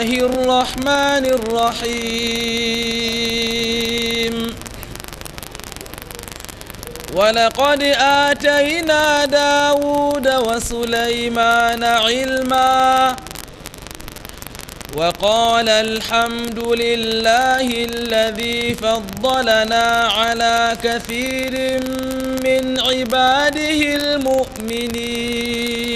الله الرحمن الرحيم ولقد آتينا داود وسليمان علما وقال الحمد لله الذي فضلنا على كثير من عباده المؤمنين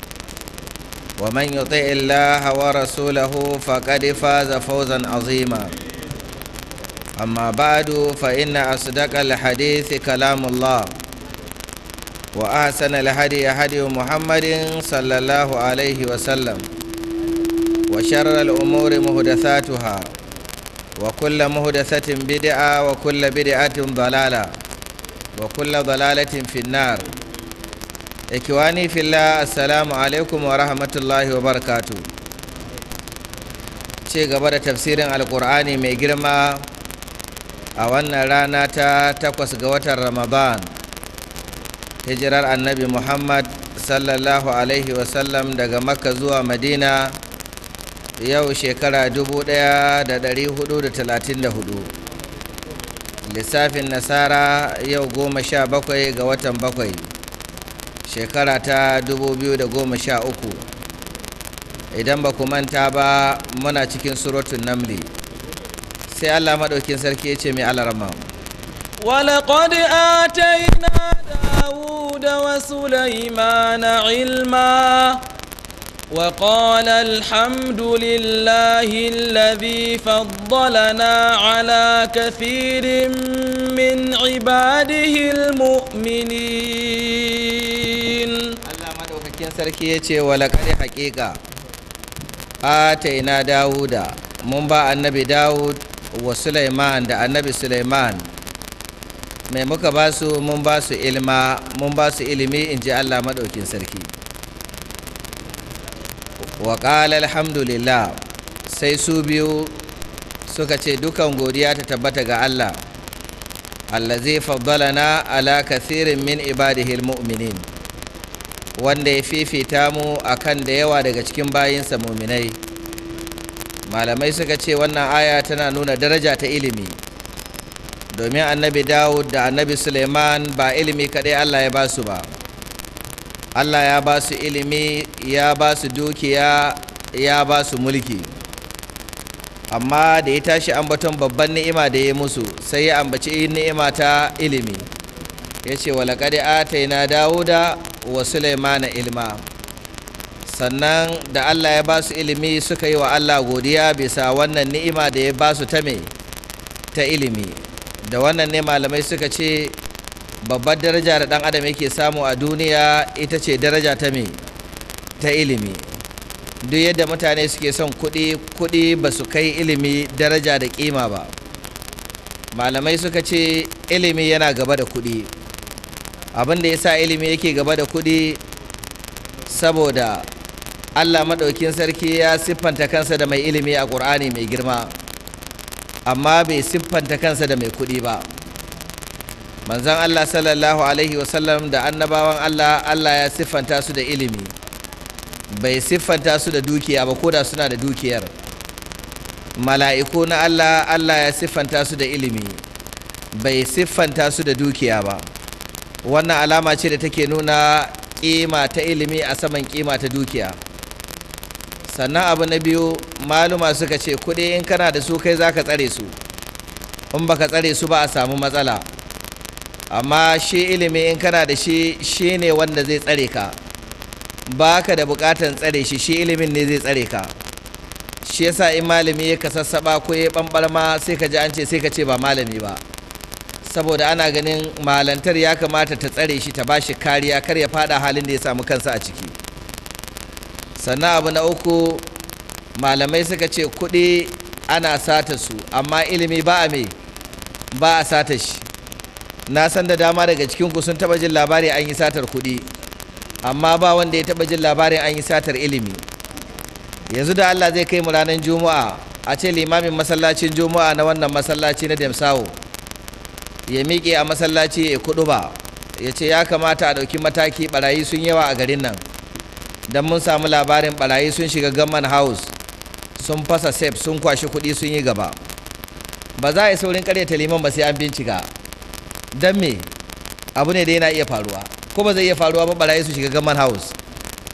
ومن يطع الله ورسوله فقد فاز فوزا عظيما أما بعد فإن أصدق الحديث كلام الله وأحسن الهدي هدي محمد صلى الله عليه وسلم وشر الأمور مهدثاتها وكل مهدثة بدعة وكل بدعة ضلالة وكل ضلالة في النار ikiwani filla assalamu alaikum wa rahmatullahi wa barakatu ce gaba da tafsirin alkur'ani mai girma a wannan rana ta takwas ga watan ramadan hijirar annabi muhammad sallallahu alaihi wasallam daga makka zuwa madina yau shekara 1434 lissafin nasara yau goma sha bakwai ga watan bakwai shekara ta 2013 idan ba ku manta ba muna cikin suratun namli sai allah maɗaukin sarki ya ce mai alarama ولقد آتينا داود وسليمان علما وقال الحمد لله الذي فضلنا على كثير من عباده المؤمنين sarki ya ce walakar haƙiƙa ataina dawuda mun ba annabi dawud wa Suleiman da annabi Suleiman mai muka ba su mun ba su ilma mun ba su ilimi in ji allah maɗaukin sarki wa ƙala alhamdulillah sai su biyu suka ce dukan godiya ta tabbata ga allah allazi na ala kathirin min ibadihi mu'minin wanda ya fifita mu akan da yawa daga cikin bayinsa muminai malamai suka ce wannan aya tana nuna daraja ta ilimi domin annabi dawud da annabi suleiman ba ilimi kaɗai allah ya ba su ba allah ya ba su ilimi ya ba su dukiya ya ba su mulki amma da ya tashi ambaton babban ni'ima da ya musu sai ya ambaci ni'ima ta ilimi ya ce yi na dawuda wa sulaimana ilma sannan da allah ya ba su ilimi suka yi wa allah godiya bisa wannan ni'ima da ya ba su ta me ta ilimi da wannan ne malamai suka ce babbar daraja da ɗan adam yake samu a duniya ita ce daraja ta me ta ilimi duk yadda mutane suke son kuɗi kuɗi ba su kai ilimi daraja da ƙima ba malamai suka ce ilimi yana gaba da kuɗi abin da ya sa ilimi yake gaba da kuɗi saboda allah maɗaukin sarki ya siffanta kansa da mai ilimi a ƙur'ani mai girma amma bai siffanta kansa da mai kuɗi ba manzon allah sallallahu alaihi wasallam da annabawan allah allah ya siffanta su da ilimi bai siffanta su da dukiya ba ko da suna da dukiyar mala'iku na allah allah ya siffanta su da ilimi bai siffanta su da dukiya ba wannan alama ce da take nuna kima ta ilimi a saman kima ta dukiya sannan abu na biyu maluma suka ce kuɗi in kana da su kai za ka tsare su in baka tsare su ba a samu matsala amma shi ilimi in kana da shi shi ne wanda zai tsare ka ba ka da bukatan tsare shi shi ilimin ne zai tsare ka shi yasa in malami ya sassaɓa ko ya ɓamɓarma sai ka ji an ce sai ka ce ba malami ba saboda ana ganin malantar ya kamata ta tsare shi ta bashi kariya kar ya fada halin da ya samu kansa a ciki sannan abu na uku malamai suka ce kuɗi ana sata su amma ilimi ba a mai ba a sata shi na san da dama daga cikinku sun taɓa jin labari an yi satar kuɗi amma ba wanda ya taɓa jin labarin an yi satar ilimi yanzu da allah zai kai mu ranar juma'a a ce limamin masallacin juma'a na wannan masallaci na demsawo ya miƙe a masallaci ya kudu ba ya ce ya kamata a ɗauki mataki ɓarayi sun yawa a garin nan don mun samu labarin ɓarayi sun shiga gamman house sun fasa sef sun kwashi kuɗi sun yi gaba ba za a yi saurin karyata liman ba sai an bincika don me abu ne da yana iya faruwa ko ba zai iya faruwa ba barayi sun shiga gamman house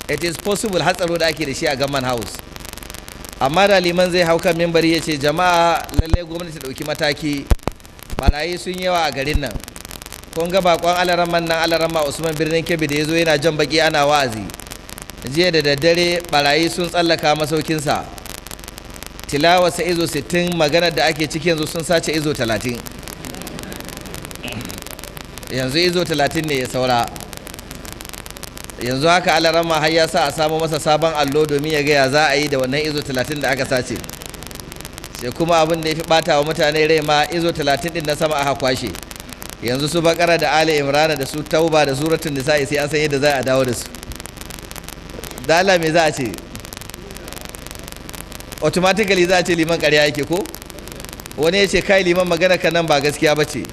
it is possible hatsaro da ake da shi a gamman house amma da liman zai hau kan mimbari ya ce jama'a lallai gwamnati ɗauki mataki barayi sun yi yawa a garin nan kun ga bakon alaraman nan alarama usman birnin kebbi da ya zo yana jan baki ana wa'azi jiya da daddare barayi sun tsallaka masaukinsa tilawarsa izo 60 maganar da ake ciki yanzu sun sace izo 30 yanzu izo 30 ne ya saura yanzu haka alarama har ya sa a samu masa sabon allo domin ya gaya za a yi da wannan izo 30 da aka sace sai kuma abin da ya fi ɓata wa mutane rai ma izo talatin ɗin na sama a kwashe yanzu su bakara da ali imrana da su tauba da suratun nisa'i sai an san yadda za a dawo da su dala me za a ce automatically za a ce liman ƙarya yake ko wani ya ce kai liman magana ka nan ba gaskiya ba ce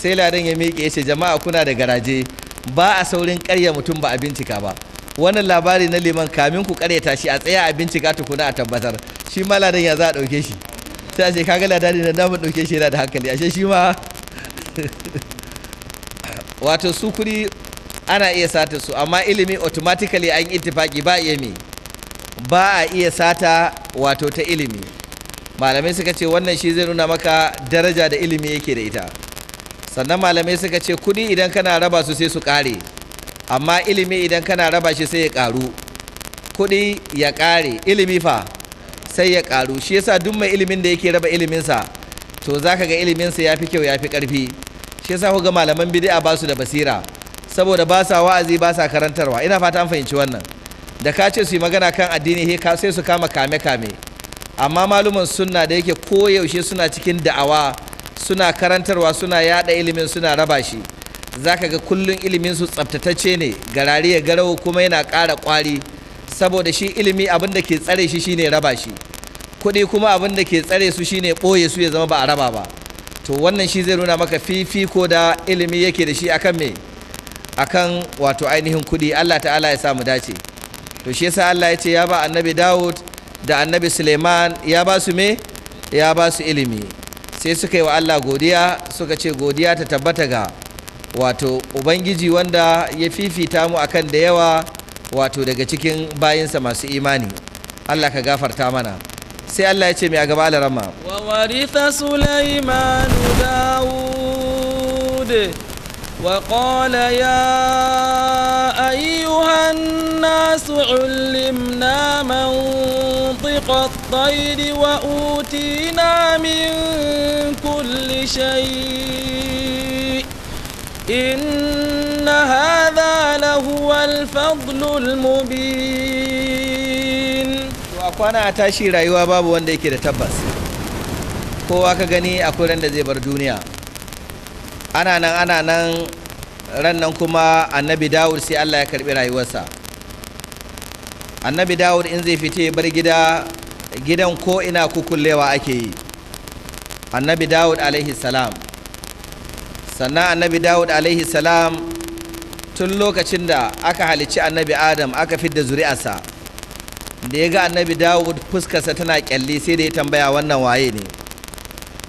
sai ladan ya miƙe ya ce jama'a kuna da garaje ba a saurin karya mutum ba a bincika ba wannan labari na liman kamin ku karyata shi a tsaya a bincika tukuna a tabbatar shi ma ladan ya za a ɗauke shi ta ce kaga da na mu ɗauke shi yana da hankali ashe shi ma wato su kuɗi ana iya sata su amma ilimi automatically an ittifaki ba iya mi ba a iya sata wato ta ilimi malamai suka ce wannan shi zai nuna maka daraja da ilimi yake da ita sannan malamai suka ce kuɗi idan kana raba su sai su kare amma ilimi idan kana raba shi sai ya ƙaru kuɗi ya kare ilimi fa sai ya karu shi yasa duk mai ilimin da yake raba iliminsa to za ka ga iliminsa ya fi kyau ya fi ƙarfi shi yasa ku ga malaman bid'a ba su da basira saboda ba sa wa'azi ba sa karantarwa ina fata an fahimci wannan da ka ce su yi magana kan addini he sai su kama kame kame amma malumin sunna da yake koyaushe suna cikin da'awa suna karantarwa suna yada ilimin suna raba shi za ka ga kullum iliminsu su tsaftatacce ne garari ya garau kuma yana ƙara ƙwari saboda shi ilimi abin da ke tsare shi shine raba shi kuɗi kuma abin da ke tsare su shine ɓoye su ya zama ba a raba ba to wannan shi zai nuna maka fifiko da ilimi yake da shi akan me akan wato ainihin kuɗi Allah ta'ala ya samu dace to shi yasa Allah ya ce ya ba annabi Dawud da annabi Suleiman ya ba su me ya ba su ilimi sai suka yi wa Allah godiya suka ce godiya ta tabbata ga wato ubangiji wanda ya fifita mu akan da yawa wato daga cikin bayinsa masu imani Allah ka gafarta mana سي الله يجي مي اغبال رما وورث سليمان داود وقال يا ايها الناس علمنا منطق الطير واوتينا من كل شيء ان هذا لهو الفضل المبين kwana a tashi rayuwa babu wanda yake da tabbas kowa ka gani akwai ran da zai bar duniya ana nan ana nan ran nan kuma annabi dawud sai allah ya karbi rayuwarsa annabi dawud in zai fita ya bar gida gidan ko ina kukullewa ake yi annabi dawud alaihi salam sannan annabi dawud alaihi salam tun lokacin da aka halicci annabi adam aka fidda zuri'arsa da ya ga annabi dawud fuskarsa tana kyalli sai da ya tambaya wannan waye ne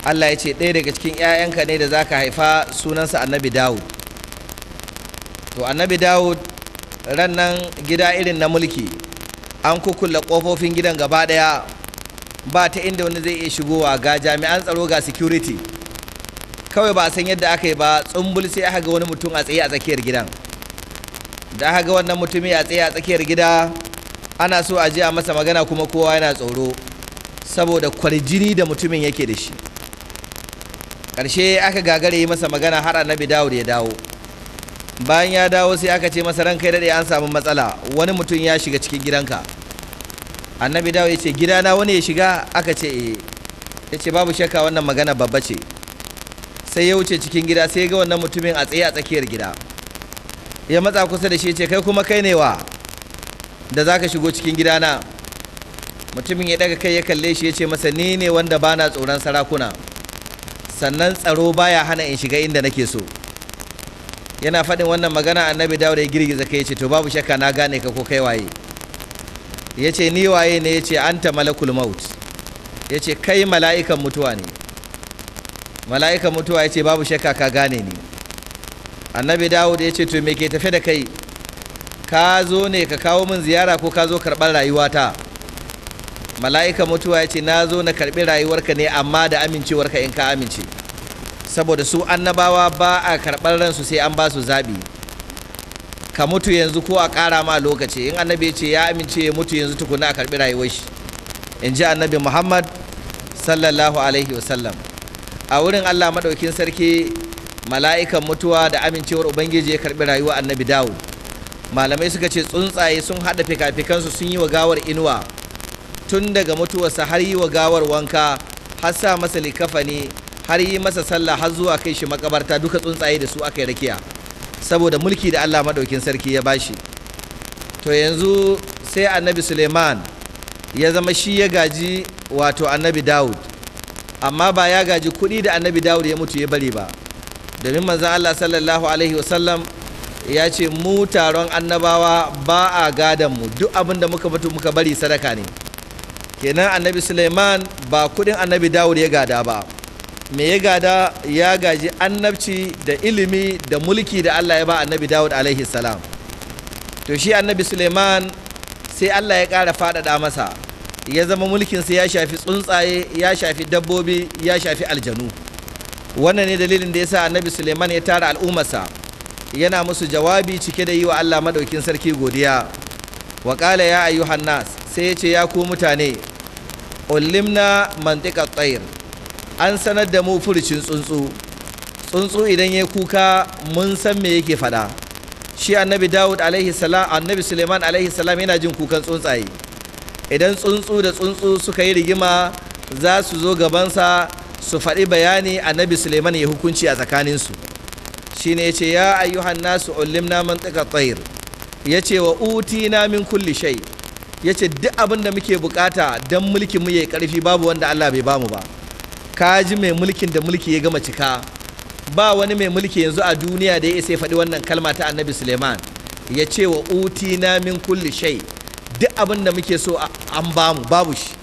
allah ya ce ɗaya daga cikin 'ya'yanka ne da za ka haifa sunansa annabi dawud to annabi dawud ran nan gida irin na mulki an kukulla ƙofofin gidan gaba ɗaya ba ta inda wani zai iya shigowa ga jami'an tsaro ga security kawai ba a san yadda aka yi ba tsumbul sai aka ga wani mutum a tsaye a tsakiyar gidan da aka ga wannan mutumi a tsaye a tsakiyar gida ana so a a masa magana kuma kowa yana tsoro saboda kwarjini da mutumin yake da shi ƙarshe aka gagare yi masa magana har annabi dawud ya dawo bayan ya dawo sai aka ce masa ranka daɗe an samu matsala wani mutum ya shiga cikin gidanka annabi dawud ya ce gidana wani ya shiga aka ce eh ya ce babu shakka wannan magana babba ce sai ya wuce cikin gida sai ga wannan mutumin a tsaye a tsakiyar gida ya matsa kusa da shi ya ce kai kuma kai ne wa da za ka shigo cikin gidana mutumin ya daga kai ya kalle shi ya ce masa ni ne wanda bana tsoron sarakuna sannan tsaro baya hana in shiga inda nake so yana faɗin wannan magana annabi dawuda ya girgiza kai ya ce to babu shakka na gane ka ko kai waye ya ce ni waye ne ya ce anta malakul maut ya ce kai mala'ikan mutuwa ne mala'ikan mutuwa ya ce babu shakka ka gane ni annabi dawud ya ce to me ke tafe da kai ka zo ne ka kawo min ziyara ko ka zo karɓar rayuwata mala'ika mutuwa ya ce na zo na karɓi rayuwarka ne amma da amincewarka in ka amince saboda su annabawa ba a karɓar ransu sai an ba su zaɓi ka mutu yanzu ko a ƙara ma lokaci in annabi ya ce ya amince ya mutu yanzu tukuna a karɓi rayuwar shi in ji annabi muhammad sallallahu alaihi wasallam a wurin allah maɗaukin sarki mala'ikan mutuwa da amincewar ubangiji ya karɓi rayuwar annabi dawud malamai suka ce tsuntsaye sun haɗa fikafikansu sun yi wa gawar inuwa tun daga mutuwarsa har yi wa gawar wanka har sa masa likafani har yi masa sallah har zuwa kai shi makabarta duka tsuntsaye da su aka yi rakiya saboda mulki da Allah maɗaukin sarki ya bashi to yanzu sai annabi suleiman ya zama shi ya gaji wato annabi daud amma ba ya gaji kuɗi da annabi dawud ya mutu ya bari ba domin manzan Allah sallallahu alaihi wasallam ya ce mu taron annabawa ba a gadon mu duk abin da muka mutu muka bari sadaka ne kenan annabi suleiman ba kudin annabi dawud ya gada ba me ya gada ya gaji annabci da ilimi da mulki da allah ya ba annabi dawud alaihi salam to shi annabi suleiman sai allah ya ƙara faɗaɗa masa ya zama mulkin mulkinsa ya shafi tsuntsaye ya shafi dabbobi ya shafi aljanu wannan ne dalilin da ya sa annabi suleiman ya tara al'ummarsa yana musu jawabi cike da yi wa Allah madaukin sarki godiya wa qala ya ayu hannas sai ya ce ya ku mutane ulimna mantika tsayin. an sanar da mu furucin tsuntsu tsuntsu idan ya kuka mun san me yake faɗa shi annabi Dawud alaihi salam annabi Suleiman alaihi salam yana jin kukan tsuntsaye idan tsuntsu da tsuntsu suka yi rigima za su zo gabansa su faɗi bayani annabi Suleiman ya hukunci a tsakaninsu shine ce ya ayyuhan nasu mantaka tsayir ya ce wa na min kulli ya yace duk abin da muke bukata don mulkin mu yayi karfi babu wanda Allah bai bamu ba Ka ji mai mulkin da mulki ya gama cika ba wani mai mulki yanzu a duniya da ya isa faɗi wannan kalma ta annabi suleiman ya ce wa na min kulli shai duk abin da muke so an bamu babu shi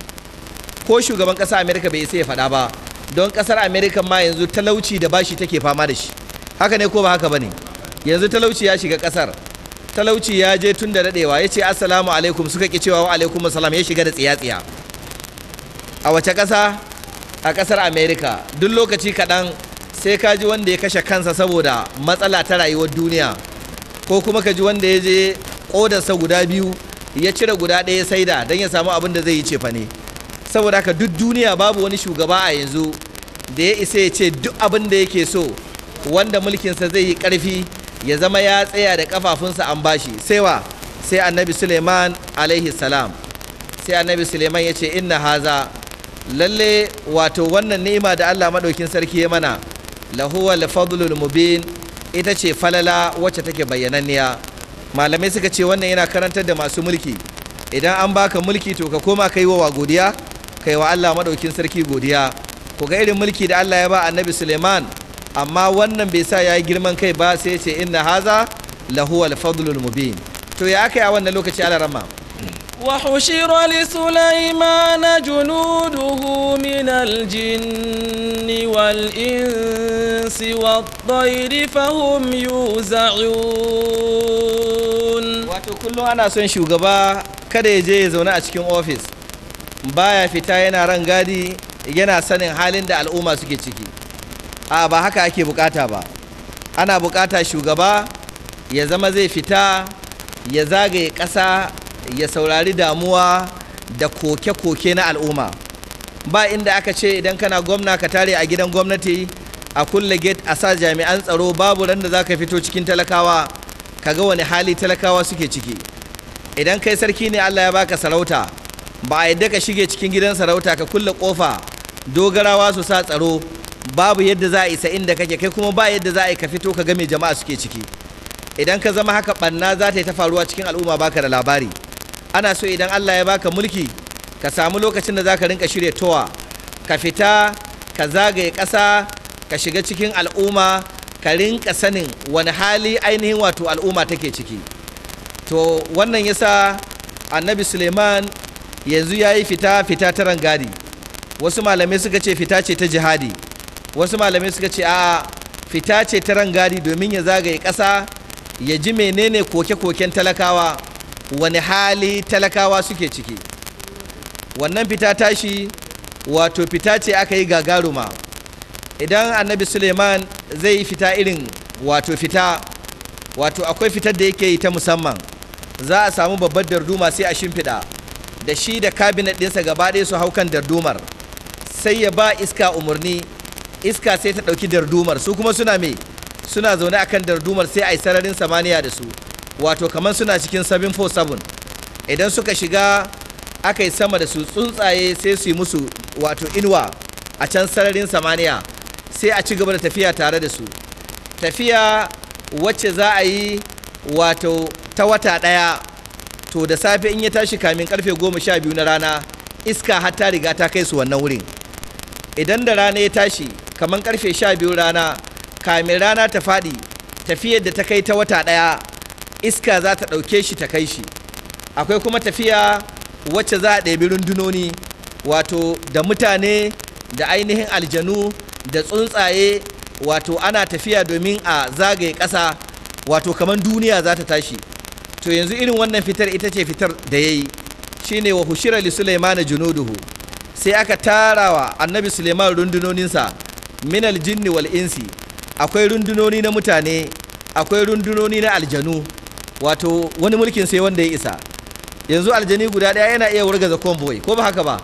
ko shugaban ƙasa amerika bai isa ya faɗa ba don ƙasar amerika ma yanzu talauci da bashi take fama da shi haka ne ko ba haka ba ne. yanzu talauci ya shiga kasar talauci ya je tun da daɗewa ya ce assalamu alaikum suka ki cewa wa alaikum assalam ya shiga da tsiya-tsiya a wace kasa a ƙasar america duk lokaci kaɗan sai ka ji wanda ya kashe kansa saboda matsala ta rayuwar duniya ko kuma ka ji wanda ya je kodarsa guda biyu ya cire guda ɗaya saida don ya samu abin da zai yi cefa ne saboda haka duk duniya babu wani shugaba a yanzu da ya isa ya ce duk abin da yake so wanda mulkinsa zai yi karfi ya zama ya tsaya da kafafunsa an bashi sai wa sai annabi suleiman alaihi salam sai annabi suleiman ya ce inna haza lalle wato wannan ni'ima da allah maɗaukin sarki ya mana lahuwa lafadlul mubin ita ce falala wacce take bayyananniya malamai suka ce wannan yana karantar da masu mulki idan an baka mulki to ka koma kai wa godiya kai wa allah maɗaukin sarki godiya ku ga irin mulki da allah ya ba annabi suleiman amma wannan bai sa ya yi girman kai ba sai ce inna haza lahu al mubin to ya kai a wannan lokaci ala rama وحشر لسليمان جنوده من الجن والإنس والطير فهم يوزعون wato kullum ana son shugaba kada ya je ya zaune a cikin ofis baya fita yana rangadi yana sanin halin da al'umma suke ciki a ba haka ake bukata ba ana bukata shugaba ya zama zai fita ya zagaye ƙasa ya saurari damuwa da koke-koke na al'umma ba inda aka ce idan kana gwamna ka tare a gidan gwamnati a kulle gate a sa jami'an tsaro babu ran da za ka fito cikin talakawa ka ga wani hali talakawa suke ciki idan kai sarki ne allah ya baka sarauta ba a yadda ka shige cikin gidan sarauta ka kulle kofa dogarawa su sa tsaro babu yadda za a isa inda kake kai kuma ba yadda za a yi ka fito ka ga mai jama'a suke ciki idan ka zama haka ɓanna za ta yi ta faruwa cikin al'umma baka da labari ana so idan Allah ya baka mulki ka samu lokacin da za ka rinka shirya towa ka fita ka zagaye ƙasa ka shiga cikin al'umma ka rinka sanin wani hali ainihin wato al'umma take ciki to wannan yasa annabi suleiman yanzu ya yi fita fita ta rangadi wasu malamai suka ce fita ce ta jihadi wasu malamai suka ce a fita ce ta rangadi domin ya zagaye ƙasa ya ji menene koke-koken talakawa wani hali talakawa suke ciki wannan fita tashi wato fita ce aka yi gagaruma idan annabi suleiman zai yi fita irin wato fita wato akwai fitar da yake yi ta musamman za a samu babbar darduma sai a shimfiɗa da shi da kabinet ɗinsa gaba ɗaya su haukan kan dardumar sai ya ba iska umarni iska sai ta ɗauki dardumar su kuma suna me suna zaune akan dardumar sai a yi sararin samaniya da su wato kamar suna cikin 747 idan suka shiga aka yi sama da su tsuntsaye sai su yi musu wato inuwa a can sararin samaniya sai a ci gaba da tafiya tare da su tafiya wacce za a yi wato ta wata ɗaya to da safe in ya tashi kamin karfe goma sha biyu na rana iska har riga ta kai su wannan wurin idan da rana ya tashi kamar karfe sha biyu rana kamin rana ta faɗi tafiyar da ta kai ta wata ɗaya iska za ta ɗauke shi ta kai shi akwai kuma tafiya wacce za a ɗebi rundunoni wato da mutane da ainihin aljanu da tsuntsaye wato ana tafiya domin a zagaye ƙasa wato kamar duniya za ta tashi to yanzu irin wannan fitar ita ce fitar da ya yi shine wa hushira li sulaimana junuduhu sai aka tarawa annabi suleiman rundunoninsa minal jinni wal insi akwai rundunoni na mutane akwai rundunoni na aljanu wato wani mulkin sai wanda ya isa yanzu aljani guda ɗaya yana iya wargaza convoy ko ba haka ba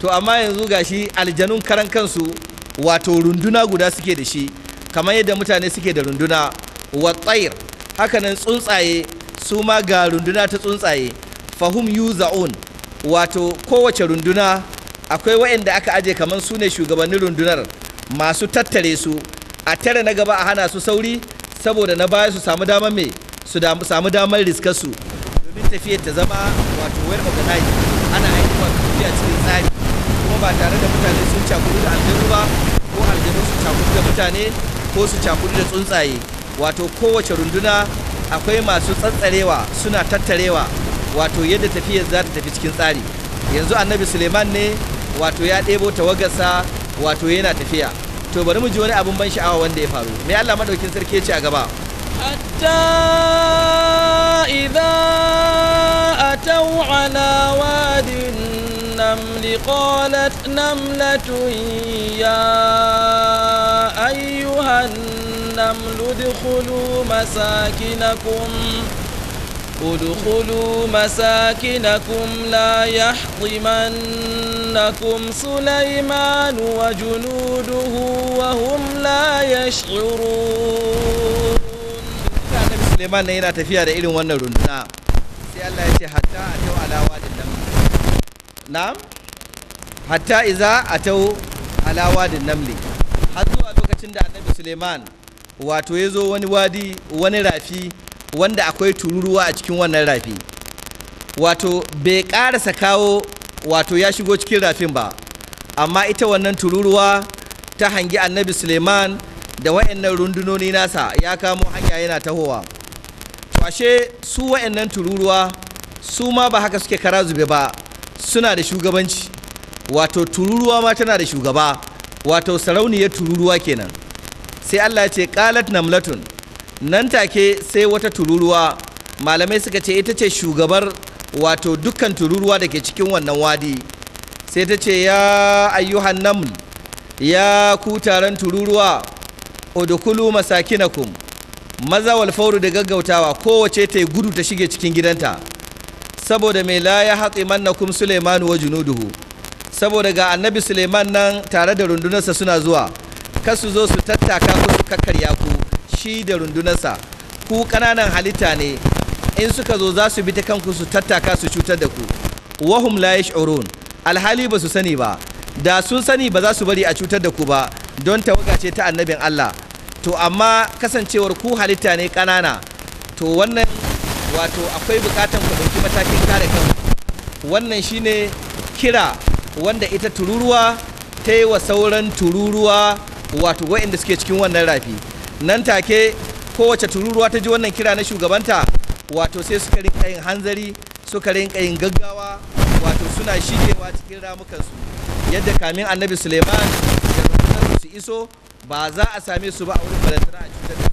to amma yanzu gashi aljanun karan kansu wato runduna guda suke da shi kamar yadda mutane suke da runduna wa tsayir hakanan tsuntsaye su ma ga runduna ta tsuntsaye fahum yuza'un wato kowace runduna akwai waɗanda aka aje kamar su ne shugabannin rundunar masu tattare su a tare na gaba a hana su sauri saboda na baya su samu damar me su samu damar riskar su domin tafiya ta zama wato well organize ana aiki wato tafiya cikin tsari kuma ba tare da mutane sun cakuru da aljanu ba ko aljanu su cakuru da mutane ko su cakuru da tsuntsaye wato kowace runduna akwai masu tsantsarewa suna tattarewa wato yadda tafiyar za ta tafi cikin tsari yanzu annabi suleiman ne wato ya ɗebo tawagarsa wato yana tafiya to bari mu ji wani abin ban sha'awa wanda ya faru mai Allah madaukin sarki ce a gaba hatta idza atau ala wadin النمل قالت نملة يا أيها النمل ادخلوا مساكنكم ادخلوا مساكنكم لا يحطمنكم سليمان وجنوده وهم لا يشعرون Suleiman ne yana tafiya da irin wannan runduna sai Allah hatta a alawa da nan na'am hatta iza a alawa da namle har zuwa lokacin da annabi Suleiman wato ya zo wani wadi wani rafi wanda akwai tururuwa a cikin wannan rafi wato bai karasa kawo wato ya shigo cikin rafin ba amma ita wannan tururuwa ta hangi annabi suleiman da wa'annan rundunoni nasa ya kamo hanya yana tahowa fashe su wa'annan tururuwa su ma ba haka suke kara zube ba suna da shugabanci wato tururuwa ma tana da shugaba wato sarauniyar tururuwa kenan sai allah ya ce kalat namlatun nan take sai wata tururuwa malamai suka ce ita ce shugabar wato dukkan tururuwa da ke cikin wannan wadi sai ta ce ya ayyuhan naml ya ku taron tururuwa udkhulu masakinakum maza wal fawru da gaggautawa kowace ta gudu ta shige cikin gidanta saboda mai la ya manna mannakum Suleimanu wa junuduhu saboda ga annabi Suleiman nan tare da rundunarsa suna zuwa kasu zo su tattaka ku su kakkarya ku shi da rundunarsa ku ƙananan halitta ne in suka zo za su bi ta kanku su tattaka su cutar da ku wahum la yash'urun alhali ba su sani ba da sun sani ba za su bari a cutar da ku ba don tawaga ce ta annabin Allah to amma kasancewar ku halitta ne ƙanana to wannan wato akwai bukatan ku ɗauki matakin kare kanku wannan shine kira wanda ita tururuwa ta yi wa sauran tururuwa wato wa'inda suke cikin wannan rafi nan take kowace tururuwa ta ji wannan kira na shugabanta wato sai suka rinka yin hanzari suka rinka yin gaggawa wato suna shigewa cikin ramukansu yadda kamin annabi suleiman da su iso ba za a same su ba a wurin balantana a cutar da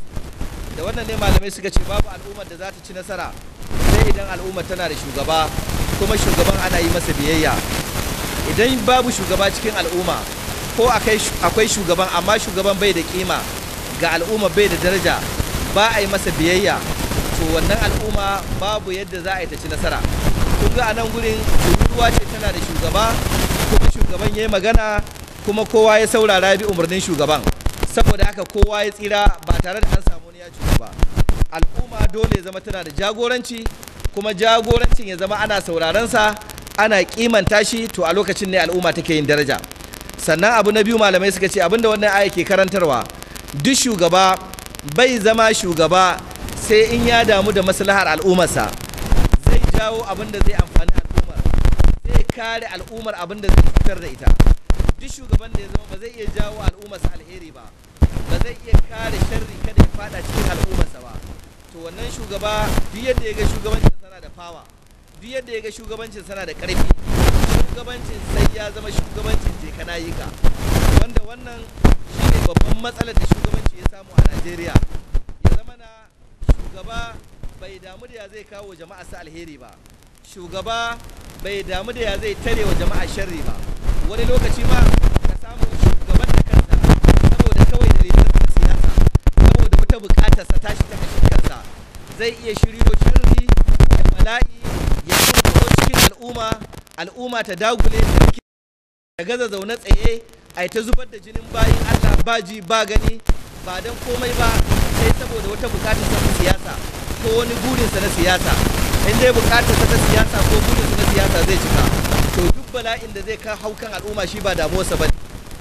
da wannan ne malamai suka ce babu al'ummar da za ta ci nasara sai idan al'ummar tana da shugaba kuma shugaban ana yi masa biyayya idan babu shugaba cikin al'umma ko akwai shugaban amma shugaban bai da kima ga al'umma bai da daraja ba a yi masa biyayya to wannan al'umma babu yadda za a yi ta ci nasara kun ga a nan gurin ruwa ce tana da shugaba kuma shugaban ya yi magana kuma kowa ya saurara bi umarnin shugaban saboda haka kowa ya tsira ba tare da an samu wani ya ba al'umma dole ya zama tana da jagoranci kuma jagorancin ya zama ana sa, ana kimanta shi to a lokacin ne al'umma take yin daraja sannan abu na biyu malamai suka ce abinda wannan aya ke karantarwa duk shugaba bai zama shugaba sai in ya damu da maslahar al'ummarsa zai jawo abin da zai amfani al'ummar zai kare al'ummar abin da zai fitar da ita duk shugaban da ya zama ba zai iya jawo al'ummarsa alheri ba ba zai iya kare sharri kada ya fada cikin al'ummarsa ba to wannan shugaba duk yadda ya ga shugabancin sana da fawa duk yadda ya ga shugabancin sana da karfi shugabancin sai ya zama shugabancin je kana yi ka wanda wannan babban matsalar da shugabanci ya samu a najeriya ya zama na shugaba bai damu da ya zai kawo jama'a su alheri ba shugaba bai damu da ya zai tare wa jama'a sharri ba wani lokaci ma ka samu shugaban da kansa saboda kawai da dalilan siyasa saboda wata bukatar sa tashi ta kashin kansa zai iya shiryo shirri ya bala'i ya kuma cikin al'umma al'umma ta dagule da gaza zaune tsaye ai ta zubar da jinin bayin Allah ba ji ba gani ba dan komai ba sai saboda wata bukata ta siyasa ko wani burinsa na siyasa in dai bukata ta siyasa ko sa na siyasa zai cika to duk bala'in da zai ka haukan al'umma shi ba damuwarsa ba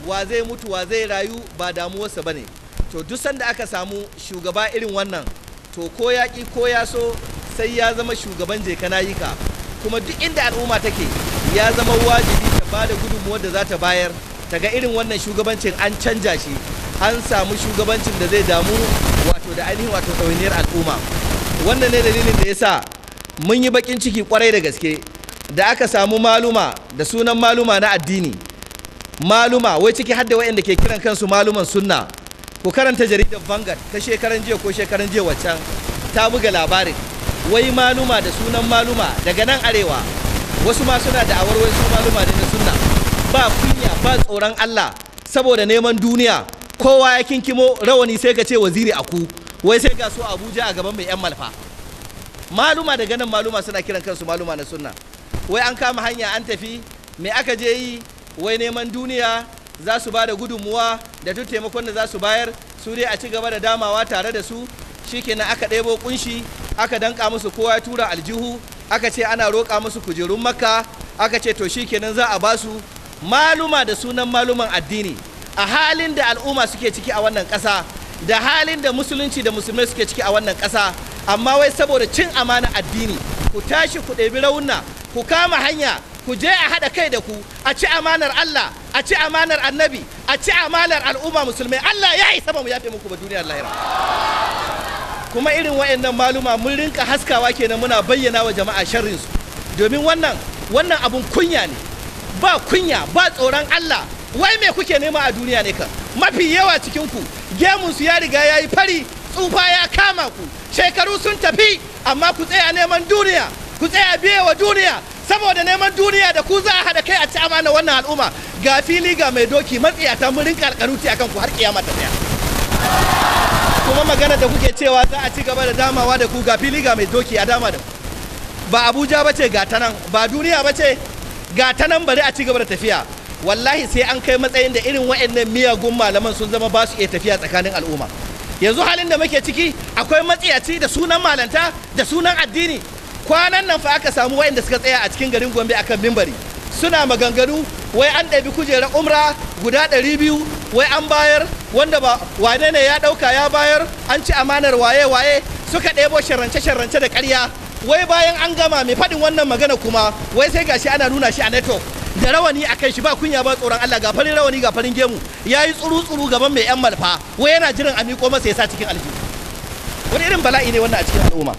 wa zai mutu wa zai rayu ba damuwarsa ba ne to duk sanda aka samu shugaba irin wannan to ko ya ko ya so sai ya zama shugaban je yi ka kuma duk inda al'umma take ya zama wajibi ta bada da gudunmuwar da za ta bayar daga irin wannan shugabancin an canja shi an samu shugabancin da zai damu wato da ainihin wato ɗawainiyar al'umma wannan ne dalilin da ya sa mun yi baƙin ciki kwarai da gaske da aka samu maluma da sunan maluma na addini maluma wai ciki da waɗanda ke kiran kansu maluman sunna ku karanta jaridar vanguard ta shekaran jiya ko shekaran jiya waccan ta buga labarin wai maluma da sunan maluma daga nan arewa wasu ma suna da awar wai su maluma da sunna ba kunya ba tsoron Allah saboda neman duniya kowa ya kinkimo rawani sai ka ce waziri aku wai sai ga su Abuja a gaban mai yan malfa maluma daga nan maluma suna kiran kansu maluma na sunna wai an kama hanya an tafi me aka je yi wai neman duniya za su ba da gudunmuwa da duk taimakon da za su bayar su dai a ci gaba da damawa tare da su shi shikenan aka ɗebo kunshi aka danka musu kowa ya tura aljihu aka ce ana roƙa musu kujerun makka aka ce to shikenan za a basu maluma da sunan maluman addini a halin da al'umma suke ciki a wannan ƙasa da halin da musulunci da musulmai suke ciki a wannan ƙasa amma wai saboda cin amana addini ku tashi ku ɗebi raunna ku kama hanya ku je a haɗa kai da ku a ci amanar Allah a ci amanar annabi a ci amanar al'umma musulmai Allah ya yi sama mu yafe muku ba duniyar lahira kuma irin wa'annan maluma mun rinka haskawa kenan muna bayyana wa jama'a sharrinsu domin wannan wannan abun kunya ne ba kunya ba tsoron Allah wai me kuke nema a duniya ne kan mafi yawa cikin ku gemun su ya riga ya yi fari tsufa ya kama ku shekaru sun tafi amma ku tsaya neman duniya ku tsaya biye wa duniya saboda neman duniya da ku za a haɗa kai a ci amana wannan al'umma ga fili ga mai doki matsiyata ta murin karkaruti akan ku har kiyama ta tsaya kuma magana da kuke cewa za a ci gaba da damawa da ku ga fili ga mai doki a dama da ku ba abuja ba ce ga ta nan ba duniya ba ce ga ta nan bari a ci gaba da tafiya wallahi sai an kai matsayin da irin waɗannan miyagun malaman sun zama ba su iya tafiya tsakanin al'umma yanzu halin da muke ciki akwai matsiyaci da sunan malanta da sunan addini kwanan nan fa aka samu waɗanda suka tsaya a cikin garin gombe akan mimbari suna maganganu wai an ɗabi kujerar umra guda ɗari biyu wai an bayar wanda ba wane ne ya ɗauka ya bayar an ci amanar waye waye suka ɗebo sharrance sharrance da ƙarya wai bayan an gama mai faɗin wannan magana kuma wai sai gashi ana nuna shi a network da rawani a kai shi ba kunya ba tsoron Allah ga farin rawani ga farin gemu ya yi tsuru tsuru gaban mai yan malfa wai yana jiran a miƙo masa ya sa cikin aljihu wani irin bala'i ne wannan a cikin al'umma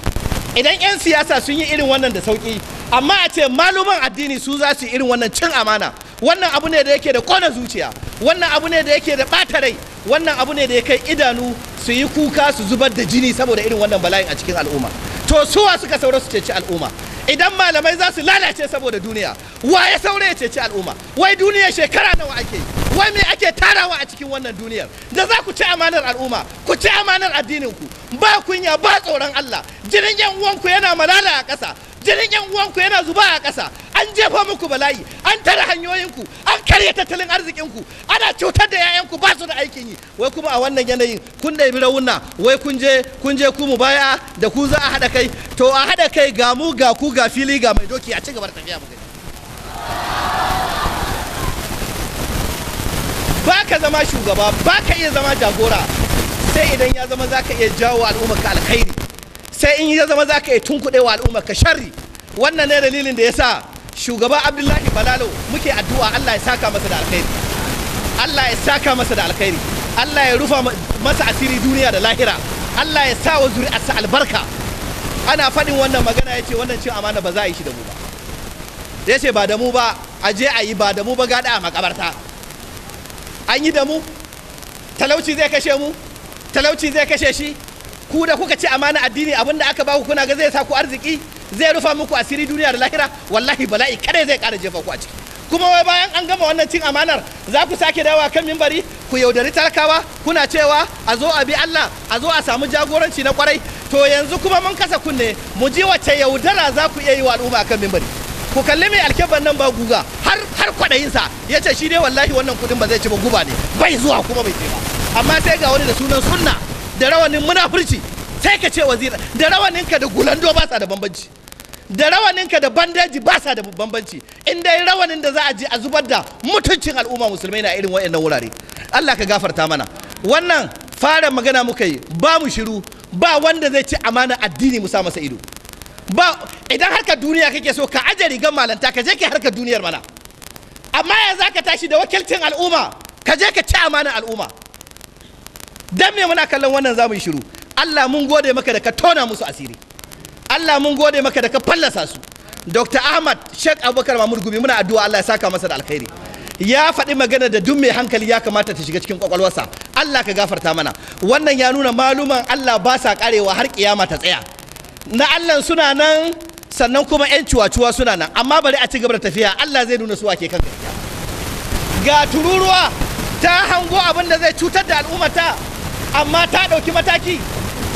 idan yan siyasa sun yi irin wannan da sauki amma a ce maluman addini su za su yi irin wannan cin amana wannan abu ne da yake da kona zuciya wannan abu ne da yake da ɓata rai wannan abu ne da ya kai idanu su yi kuka su zubar da jini saboda irin wannan bala'in a cikin al'umma to suwa suka saura su ceci al'umma idan malamai za su lalace saboda duniya wa ya saura ya ceci al'umma wai duniya shekara nawa ake wai me ake tarawa a cikin wannan duniyar da za ku ci amanar al'umma ku ci amanar addininku ba kunya ba tsoron Allah jinin yan uwanku yana malala a ƙasa jinin yan uwanku yana zuba a ƙasa an jefa muku bala'i an tare hanyoyinku an karya tattalin arzikinku ana cutar da 'ya'yanku ba su da aikin yi wai kuma a wannan yanayin kun ibi rauna wai kun je kun je ku mu baya da ku za a haɗa kai to a haɗa kai ga mu ga ku ga fili ga mai doki a ci gaba da tafiya mu ba ka zama shugaba ba ka iya zama jagora sai idan ya zama za ka iya jawo ka alkhairi sai in ya zama za ka iya tunkuɗe wa ka sharri wannan ne dalilin da ya sa shugaba abdullahi balalo muke addu'a allah ya saka masa da alkhairi allah ya saka masa da alkhairi allah ya rufa masa asiri duniya da lahira allah ya sa wa zuri'arsa albarka ana faɗin wannan magana ya ce wannan cin amana ba za a yi shi da mu ba ya ce ba da mu ba a je a yi ba da mu ba gada a makabarta an yi da mu talauci zai kashe mu talauci zai kashe shi ku da kuka ci amana addini abinda aka ba ku kuna ga zai sa ku arziki zai rufa muku asiri duniya da lahira wallahi bala'i kada zai kara jefa ku a ciki kuma wai bayan an gama wannan cin amanar za ku sake dawa kan mimbari ku yaudari talakawa kuna cewa a zo a bi Allah a zo a samu jagoranci na kwarai to yanzu kuma mun kasa kunne mu ji wace yaudara za ku iya yi wa al'umma kan mimbari ku kalli mai alkebban nan ba guga har har kwaɗayinsa ya ce shi dai wallahi wannan kuɗin ba zai ci ba guba ne bai zuwa kuma bai ce ba amma sai ga wani da sunan sunna da rawanin munafurci sai ka ce wazira da rawaninka da gulando ba sa da bambanci da rawaninka da bandaji ba sa da bambanci in dai rawanin da za a je a zubar da mutuncin al'umma musulmai na irin waɗannan wurare Allah ka gafarta mana wannan fara magana muka yi ba mu shiru ba wanda zai ci amana addini mu sa masa ido ba idan harka duniya kake so ka ajiye rigar malanta ka je ka harka duniyar mana amma ya za ka tashi da wakilcin al'umma ka je ka ci amanar al'umma dan me muna kallon wannan za mu yi shiru Allah mun gode maka da ka tona musu asiri Allah mun gode maka da ka fallasa su Dr. Ahmad Sheikh Abubakar Mahmud Gumi muna addu'a Allah ya saka masa da alkhairi ya faɗi magana da duk mai hankali ya kamata ta shiga cikin kwakwalwarsa Allah ka gafarta mana wannan ya nuna maluman Allah ba sa karewa har kiyama ta tsaya na Allah suna nan sannan kuma yan cuwacuwa suna nan amma bari a ci gaba da tafiya Allah zai nuna su ke kan gaskiya ga tururuwa ta hango abin da zai cutar da al'ummata amma ta ɗauki mataki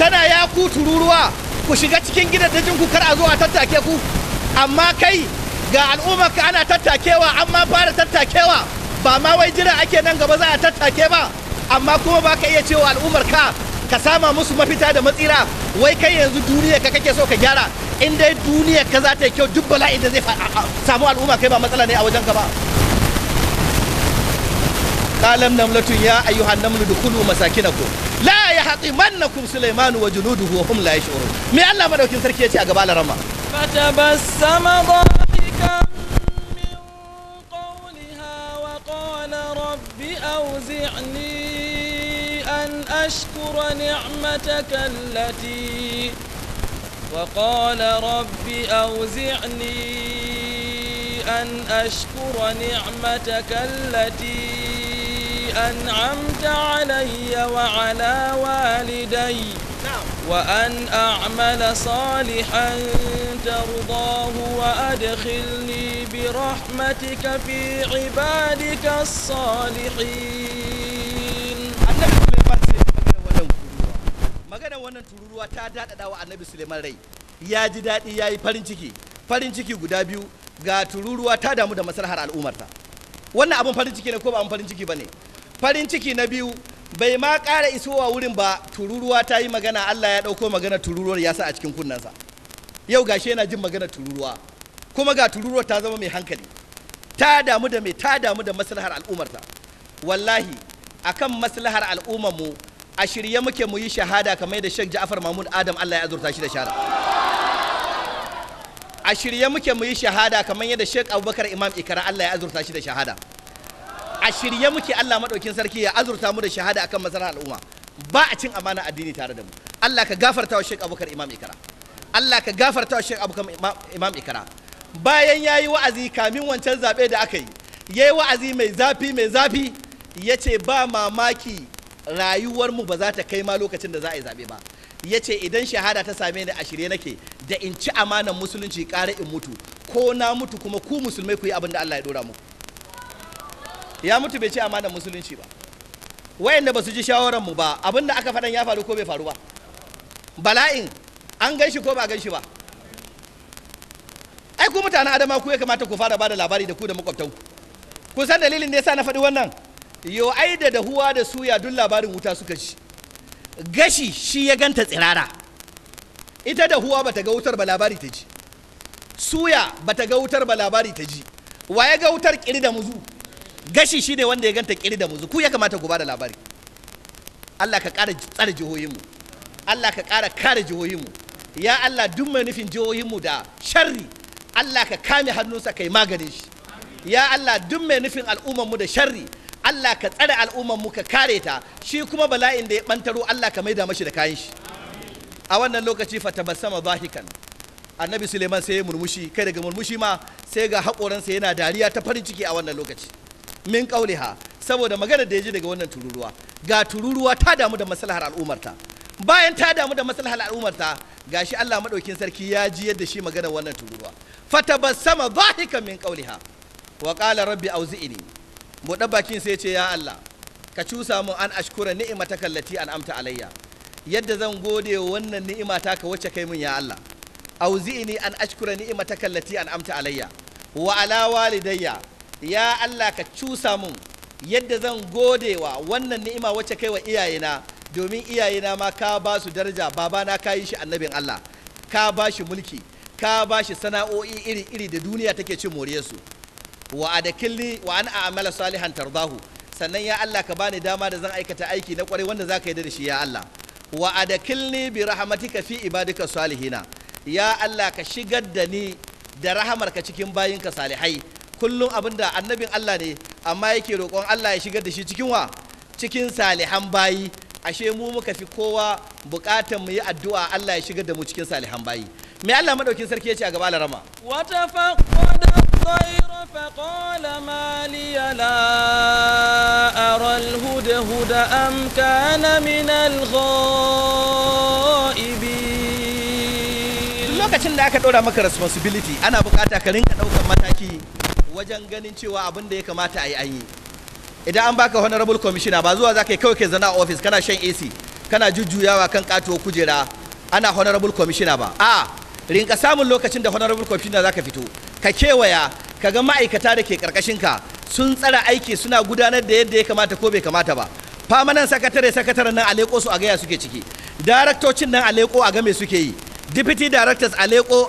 tana ya ku tururuwa ku shiga cikin gidajen ku kar a zo a tattake ku amma kai ga al'ummar ka ana tattakewa amma fara tattakewa ba ma wai jira ake nan gaba za a tattake ba amma kuma ba ka iya cewa al'ummar ka ka sama musu mafita da matsira wai kai yanzu duniya ka kake so ka gyara in dai duniya ka za ta yi kyau duk bala'in da zai samu al'umma kai ba matsala ne a wajen ka ba qalam namlatun ya ayyuhan namlu dukulu masakinakum la yahtimannakum sulaymanu wa junuduhu wa hum la yash'urun me Allah madaukin sarki yace a gaba larama fatabassama dhahika min qawliha wa qala rabbi awzi'ni an ashkura ni'mataka allati وقال رب أوزعني an أشكر نعمتك أنعمت علي وعلى والدي وأن أعمل صالحا ترضاه وأدخلني برحمتك في عبادك الصالحين النبي سليمان سيدنا magana wannan tururuwa ta daɗaɗa wa annabi suleiman rai ya ji daɗi ya yi farin ciki farin ciki guda biyu ga tururuwa ta damu da maslahar al'ummarta wannan abin farin ciki ne ko ba abin farin ciki ba ne farin ciki na biyu bai ma ƙara isowa wurin ba tururuwa ta yi magana Allah ya ɗauko magana tururuwar ya sa a cikin kunnensa yau gashi yana jin magana tururuwa kuma ga tururuwar ta zama mai hankali ta damu da mai ta damu da maslahar al'ummarta wallahi akan maslahar al'ummar mu a shirye muke mu yi shahada kamar da Sheikh Ja'far Mahmud Adam Allah ya azurta shi da shara a shirye muke mu yi shahada kamar yadda Sheikh Abubakar Imam Ikara Allah ya azurta shi da shahada a shirye muke Allah maɗaukin sarki ya azurta mu da shahada akan masarar al'umma ba a cin amana addini tare da mu Allah ka gafarta wa Sheikh Abubakar Imam Ikara Allah ka gafarta wa Sheikh Abubakar Imam Ikara bayan yayi wa'azi kamin wancan zabe da aka yi yayi wa'azi mai zafi mai zafi yace ba mamaki rayuwar mu ba za ta kai ma lokacin da za a yi zabe ba yace idan shahada ta same ni a shirye nake da in ci amanan musulunci ƙara in mutu ko na mutu kuma ku musulmai ku yi abin da Allah ya dora muku ya mutu bai ci da musulunci ba wayanda ba su ji shawaran mu ba abin da aka faɗan ya faru ko bai faru ba bala'in an gan ko ba gan shi ba ai ku mutanen adama ku ya kamata ku fara bada labari da ku da makwabtan ku san dalilin da yasa na faɗi wannan yo ai da dahuwa da suya duk labarin wuta suka ci gashi shi ya ganta tsirara ita dahuwa bata ga wutar ba labari ta ji suya bata ga wutar ba labari ta ji wa ya ga wutar kiri da muzu gashi shi ne wanda ya ganta kiri da muzu ku ya kamata ku bada labari Allah ka ƙara tsare jihohinmu Allah ka ƙara kare jihohinmu ya Allah duk mai nufin jihohinmu da sharri Allah ka kame hannunsa kai maganin shi ya Allah duk mai nufin al'ummarmu da sharri Allah ka tsare al'ummarmu ka kare ta shi kuma bala'in da ya bantaro Allah ka maida mashi da kayan shi a wannan lokaci fatabassama zahikan annabi suleiman sai ya murmushi kai daga murmushi ma sai ga hakoransa yana dariya ta farin ciki a wannan lokaci min ha saboda magana da ya ji daga wannan tururuwa ga tururuwa ta damu da maslahar al'ummarta bayan ta damu da maslahar al'ummarta shi Allah madaukin sarki ya ji yadda shi magana wannan tururuwa fatabassama dhahikan min ha. wa qala rabbi auzi'ni mu bakin sai ce ya Allah ka cusa mu an ashkura ni'mataka allati an'amta alayya yadda zan gode wa wannan ni'ima ka wacce kai mun ya Allah auzi'ni an ashkura ni'mataka allati an'amta alayya wa ala walidayya ya Allah ka cusa mun yadda zan gode wa wannan ni'ima wacce kai wa iyayena domin iyayena ma ka ba su daraja babana ka yi shi annabin Allah ka ba shi mulki ka ba shi sana'o'i iri-iri da duniya take cin moriyarsu wa adakilli wa an a'amala salihan tardahu sannan ya Allah ka bani dama da zan aikata aiki na kwarai wanda zaka yi da shi ya Allah wa adakilli bi rahmatika fi ibadika salihina ya Allah ka shigar da ni da rahamarka cikin bayinka salihai kullum abin da annabin Allah ne amma yake roƙon Allah ya shigar da shi cikin wa cikin salihan bayi ashe mu muka fi kowa buƙatar mu yi addu'a Allah ya shigar da mu cikin salihan bayi me Allah madaukin sarki ya ce a gaba larama wata faqada الطير فقال ما لي لا huda الهدهد أم min من الغائبين lokacin da aka ɗora maka responsibility ana bukata ka rinka ɗaukar mataki wajen ganin cewa abin da ya kamata a yi an yi idan an baka honorable commissioner ba zuwa za ka yi kawai ke zana a office kana shan ac kana jujjuyawa kan katuwa kujera ana honorable commissioner ba a rinka samun lokacin da honorable commissioner za ka fito ka kewaya ka ga ma'aikata da ke karkashin ka sun tsara aiki suna gudanar da yadda ya kamata ko bai kamata ba famanan sakatare sakataren nan a su a gaya suke ciki daraktocin nan a a game suke yi deputy directors a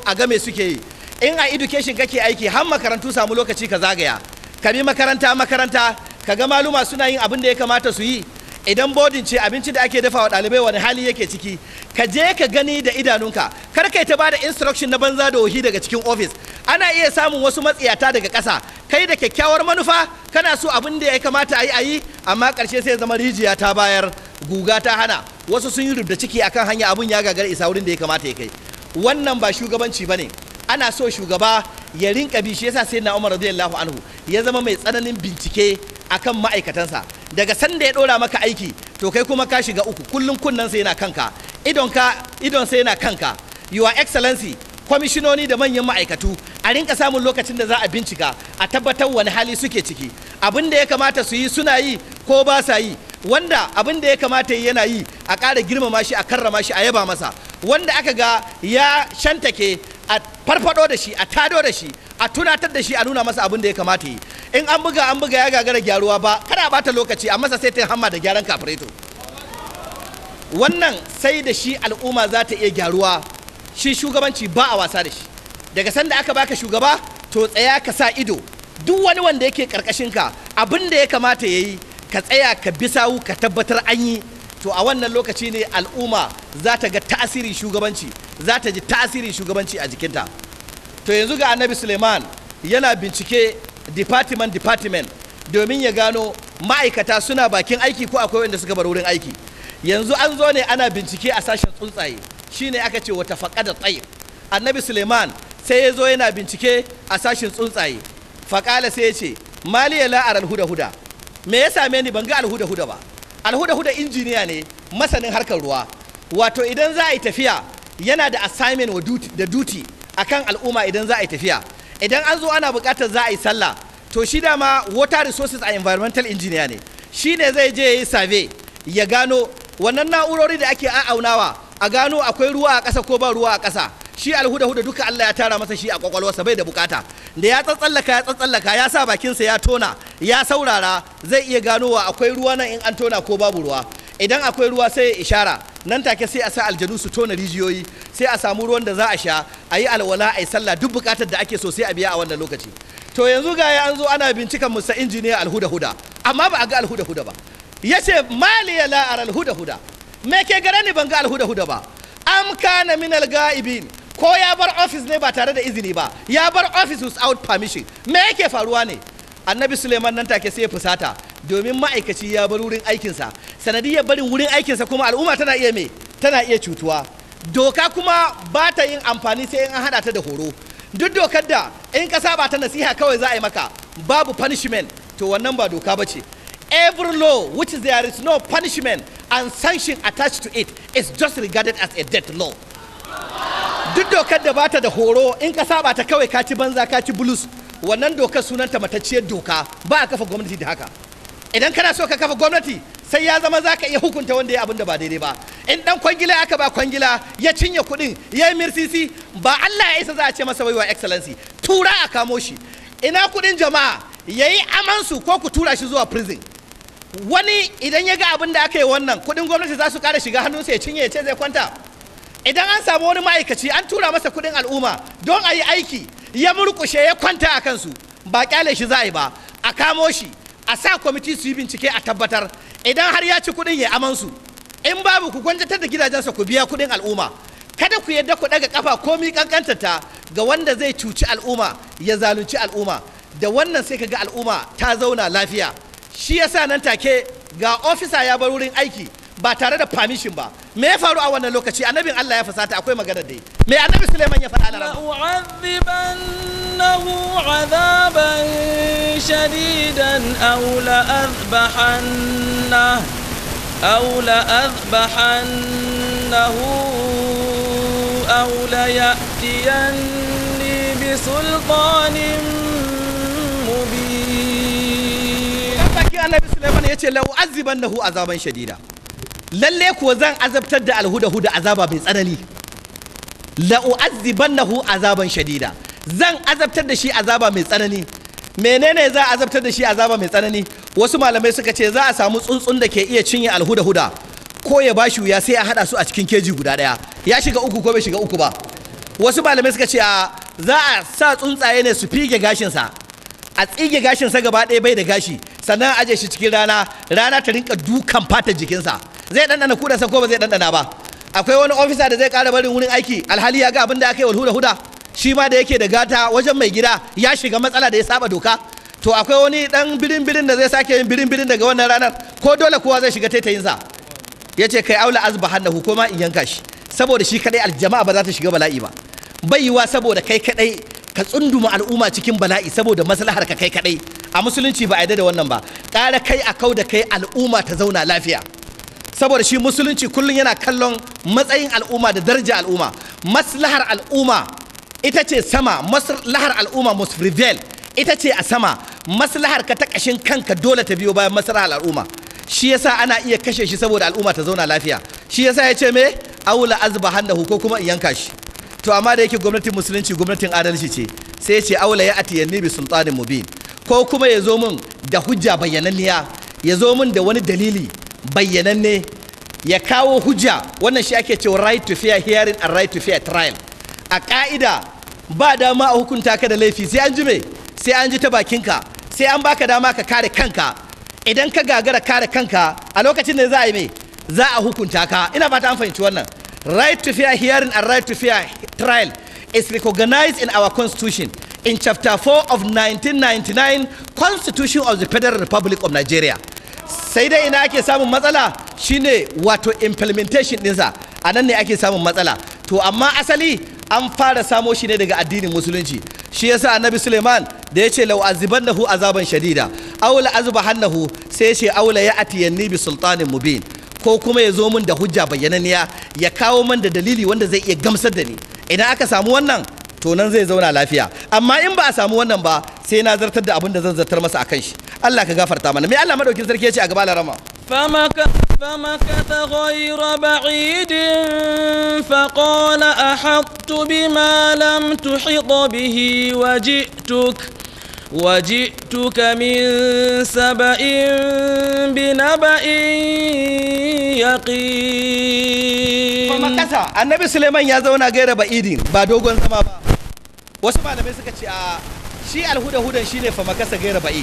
a game suke yi in a education kake aiki har makarantu samu lokaci ka zagaya ka bi makaranta makaranta ka ga maluma suna yin abin da ya kamata su yi idan bodin ce abinci da ake dafa wa ɗalibai wani hali yake ciki ka je ka gani da idanunka kar kai ta bada instruction na banza da wahi daga cikin office ana iya samun wasu matsiyata daga ƙasa kai da kyakkyawar manufa kana so abin da ya kamata a yi a yi amma ƙarshe sai zama rijiya ta bayar guga ta hana wasu sun yi rubda ciki akan hanya abin ya gagar isa wurin da ya kamata ya kai wannan ba shugabanci ba ne ana so shugaba ya rinka bi shi yasa na Umar radiyallahu anhu ya zama mai tsananin bincike a kan ma'aikatansa daga sanda ya dora maka aiki to kai kuma ka shiga uku kullum kunnan sai yana kanka idon ka idon sai yana kanka your excellency kwamishinoni da manyan ma'aikatu a rinka samun lokacin da za a bincika a tabbatar wani hali suke ciki abin da ya kamata su yi suna yi ko ba sa yi wanda abin da ya kamata yi yana yi a ƙara girmama shi a karrama shi a yaba masa wanda aka ga ya shantake a farfado da shi a tado da shi a tunatar da shi a nuna masa abin da ya kamata yi in an buga an buga ya gagara gyaruwa ba kada bata lokaci a masa sai hamma da gyaran kafireto wannan sai da shi al'umma za ta iya gyaruwa shi shugabanci ba a wasa da shi daga sanda aka baka shugaba to tsaya ka sa ido duk wani wanda yake karkashin ka abin da ya kamata yayi ka tsaya ka bi sawu ka tabbatar an yi to a wannan lokaci ne al'umma za ta ga tasiri shugabanci za ta ji tasirin shugabanci a jikinta to yanzu ga annabi suleiman yana bincike department department domin ya gano ma'aikata suna bakin aiki ko akwai wanda suka bar wurin aiki yanzu an zo ne ana bincike a sashen tsuntsaye shine aka ce wata faƙa tsaye annabi suleiman sai ya zo yana bincike a sashen tsuntsaye faƙala sai ya ce ya la'ar alhuda huda me ya same ni ban ga alhuda huda ba alhuda huda injiniya ne masanin harkar ruwa wato idan za a yi tafiya yana da assignment wa duty da duty akan al'umma idan za a yi tafiya idan an zo ana buƙatar za a yi sallah to shi dama water resources and environmental engineer ne shi ne zai je ya yi save ya gano wannan na'urori da ake a'aunawa a gano akwai ruwa a ƙasa ko ba ruwa a ƙasa shi alhuda huda duka Allah ya tara masa shi a kwakwalwarsa bai da bukata da ya tsatsallaka ya tsatsallaka ya sa bakinsa ya tona ya saurara zai iya ganowa akwai ruwa nan in an tona ko babu ruwa idan akwai ruwa sai ya ishara nan take sai a sa aljanu su tona rijiyoyi sai a samu ruwan da za a sha a yi alwala a yi sallah duk bukatar da ake so sai a biya a wannan lokaci to yanzu ga an zo ana bincikan musa injiniya alhuda huda amma ba a ga alhuda huda ba ya ce ya la'ar alhuda huda me ke gare ni ban ga alhuda huda ba am kana min alga'ibin ko ya bar office ne ba tare da izini ba ya bar office without permission me yake faruwa ne annabi suleiman nan take sai ya fusata domin ma'aikaci ya bar wurin aikinsa sanadiyyar barin wurin aikinsa kuma al'umma tana iya me tana iya cutuwa doka kuma ba ta yin amfani sai in an haɗa ta da horo duk dokar da in ka saba ta nasiha kawai za a yi maka babu punishment to wannan ba doka ba ce every law which there is no punishment and sanction attached to it is just regarded as a death law duk dokar da ba ta da horo in ka saba ta kawai ka ci banza ka ci blus, wannan dokar sunanta matacciyar doka ba a kafa gwamnati da haka idan kana so ka kafa gwamnati sai ya zama za ka iya hukunta wanda ya abin da ba daidai ba in dan kwangila aka ba kwangila ya cinye kuɗin ya yi mirsisi ba allah ya isa za a ce masa baiwa excellency tura a kamo shi ina kuɗin jama'a ya yi amansu ko ku tura shi zuwa prison wani idan ya ga abin da aka yi wannan kuɗin gwamnati za su ƙara shiga hannunsa ya cinye ya ce zai kwanta idan an samu wani ma'aikaci an tura masa kuɗin al'umma don a yi aiki ya murkushe ya kwanta a kansu ba ƙyale shi za a yi ba a kamo shi a sa kwamiti su yi bincike a tabbatar idan har ya ci kuɗin ya amansu in babu ku kwantatar da gidajensa ku biya kuɗin al'umma kada ku yadda ku ɗaga kafa komi kankantata ga wanda zai cuci al'umma ya zalunci al'umma da wannan sai ka ga al'umma ta zauna lafiya shi yasa nan take ga ofisa ya bar wurin aiki ba tare da permission ba me ya faru a wannan lokaci annabin Allah ya fasata akwai magana dai me annabi Suleiman ya faɗa a لأذيقنه عذابا شديدا أو لأذبحنه أو لأذبحنه أو ليأتيني بسلطان مبين annabi Sulaiman ya ce lau lalle kuwa zan azabtar da alhuda huda azaba mai tsanani azaban shadida zan azabtar da shi azaba mai tsanani menene za a azabtar da shi azaba mai tsanani wasu malamai suka ce za a samu tsuntsun da ke iya cinye alhuda huda ko ya bashi wuya sai a hada su a cikin keji guda daya ya shiga uku ko bai shiga uku ba wasu malamai suka ce a za a sa tsuntsaye ne su fige gashinsa a tsige gashinsa gaba ɗaya bai da gashi sannan a aje shi cikin rana rana ta rinka dukan fatar sa zai dandana kudansa ko ba zai dandana ba akwai wani ofisa da zai ƙara barin wurin aiki alhali ya ga abin da aka yi huda shi ma da yake da gata wajen mai gida ya shiga matsala da ya saba doka to akwai wani dan birin birin da zai sake yin birin birin daga wannan ranar ko dole kowa zai shiga taitayinsa ya ce kai aula azba hannahu ko ma in yanka shi saboda shi kadai aljama'a ba za ta shiga bala'i ba bai yiwa saboda kai kadai ka tsunduma al'umma cikin bala'i saboda maslahar ka kai kadai a musulunci ba a yarda da wannan ba ƙara kai a kau da kai al'umma ta zauna lafiya saboda shi musulunci kullum yana kallon matsayin al'umma da daraja al'umma maslahar al'umma ita ce sama maslahar al'umma must prevail ita ce a sama maslahar ka ta kashin kanka dole ta biyo bayan maslahar al'umma shi yasa ana iya kashe shi saboda al'umma ta zauna lafiya shi yasa ya ce me aula azbahannahu ko kuma in yanka shi to amma da yake gwamnatin musulunci gwamnatin adalci ce sai ya ce aula ya ati yanni bi sultanin mubin ko kuma ya zo min da hujja bayyananniya ya zo min da wani dalili bayyananne ya kawo hujja wannan shi ake cewa right to fair hearing and right to fair trial a ka'ida ba dama a hukunta ka da laifi sai an ji me sai an ji ta bakinka sai an baka dama ka kare kanka idan ka gagara kare kanka a lokacin da za a yi me za a hukunta ka ina fata an fahimci wannan right to fear hearing and right to fear trial is recognized in our constitution in chapter 4 of 1999 constitution of the federal republic of nigeria sai dai ina ake samun matsala shine wato implementation dinsa a nan ne ake samun matsala to amma asali an fara samo shi ne daga addinin musulunci shi yasa annabi suleiman da ya ce lau'azibannahu azaban shadida aula hannahu sai ya ce aula ya yanni bi sultanin mubin ko kuma ya zo min da hujja bayyananiya ya kawo min da dalili wanda zai iya gamsar da ni idan aka samu wannan to nan zai zauna lafiya amma in ba a samu wannan ba sai na zartar da abin da zan zartar masa akan shi Allah ka gafarta mana me Allah madaukin sarki ya ce a gaba larama فمكث فمكث غير بعيد فقال أحطت بما لم تحط به وجئتك وجئتك من سبأ بنبأ يقين فمكث النبي سليمان يا زونا غير بعيد بعدوغن سما با wasu malamai suka ce a shi alhuda-hudan shine fa makasa gaira ba'i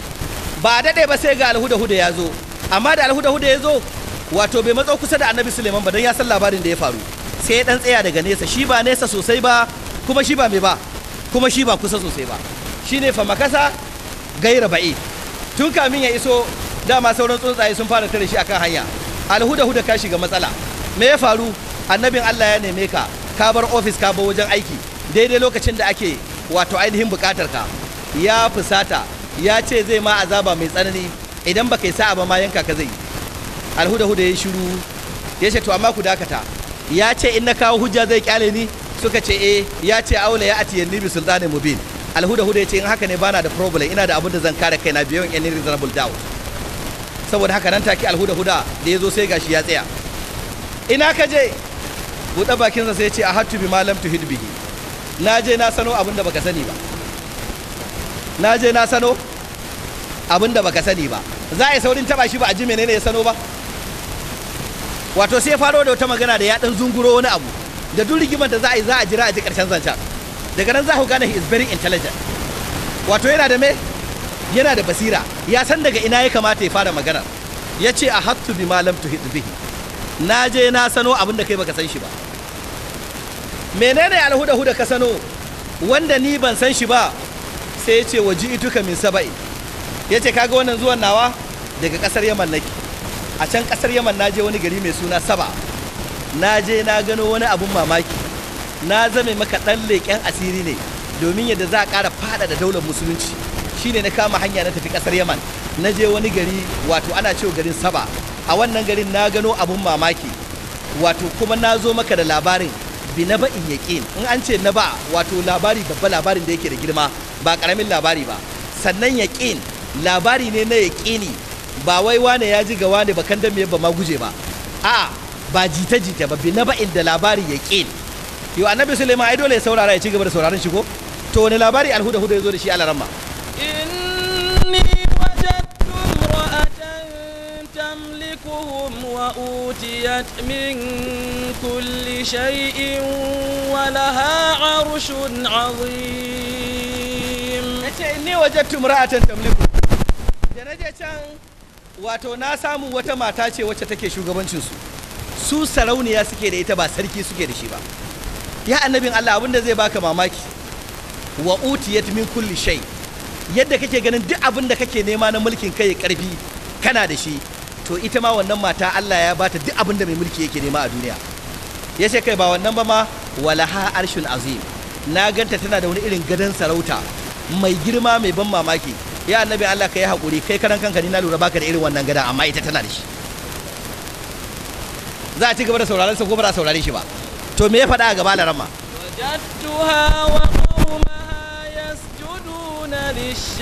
ba daɗe ba sai ga alhuda-huda ya zo amma da alhuda huda ya zo wato bai matso kusa da annabi suleiman ba don ya san labarin da ya faru sai ya dan tsaya daga nesa shi ba nesa sosai ba kuma shi ba mai ba kuma shi ba kusa sosai ba Shi ne Famakasa, gaira ba'i tun kamin ya iso dama sauran tsuntsaye sun fara tare shi akan hanya alhuda huda ka shiga matsala me ya faru annabin Allah ya neme ka ka bar ofis ka bar wajen aiki daidai lokacin da ake wato ainihin bukatar ka ya fusata ya ce zai ma azaba mai tsanani idan baka yi sa'a ba ma yanka ka zai alhuda huda ya shiru ya ce to amma ku dakata ya ce in na kawo hujja zai kyale ni suka ce eh ya ce aula ya ati ni bi sultani mubin alhuda huda ya ce in haka ne bana da problem ina da abin da zan kare kaina in any reasonable doubt saboda haka nan take alhuda huda da ya zo sai gashi ya tsaya ina ka je buɗe bakinsa sai ce a hattu bi malam tu hidbihi na je na sano abin da baka sani ba na je na sano abin da baka sani ba za a yi saurin taba shi ba a ji menene ya sano ba wato sai faro da wata magana da ya dan zunguro wani abu da duk rigimar da za a yi za a jira a ji karshen zancen daga nan za ku gane he is very intelligent wato yana da me yana da basira ya san daga ina ya kamata ya fara magana ya ce a hattu bi malam tu hit bihi na je na sano abin da kai baka san shi ba menene alhuda huda ka sano wanda ni ban san shi ba sai ya ce waji ituka min saba'i ya ce kaga wannan zuwan nawa daga kasar yaman nake a can kasar yaman na je wani gari mai suna saba na je na gano wani abun mamaki na zame maka ɗan leƙen asiri ne domin yadda za a ƙara fada da daular musulunci shine na kama hanya na tafi kasar yaman na je wani gari wato ana cewa garin saba a wannan garin na gano abun mamaki wato kuma na zo maka da labarin bi na ba'in yaƙin in an ce na ba wato labari babba labarin da yake da girma ba ƙaramin labari ba sannan yaƙin labari ne na yaƙini ba wai wane ya ji ga wane ba kan me ba ma guje ba a ba jita jita ba bi na ba inda labari yaƙini yo annabi sulaiman ai dole ya saurara ya ci gaba da sauraron shi ko to wani labari alhuda huda ya zo da shi alaramma تملكهم وأوتيت من كل شيء ولها عرش عظيم can wato na samu wata mata ce wacce take shugabancin su su sarauniya suke da ita ba sarki suke da shi ba ya annabin Allah abin da zai baka mamaki wa utiyat min kulli shay yadda kake ganin duk abin da kake nema na mulkin kai karfi kana da shi to ita ma wannan mata Allah ya bata duk abin da mai mulki yake nema a duniya ya ce kai ba wannan ba ma walaha arshun azim na ganta tana da wani irin gadon sarauta mai girma mai ban mamaki ya annabi Allah ka yi haƙuri kai karan kanka ni na lura baka da irin wannan gada amma ita tana da shi za a ci gaba da sauraron sa ko ba za a saurare shi ba to me ya faɗa a gaba larama wajadtuha wa qaumaha yasjuduna lish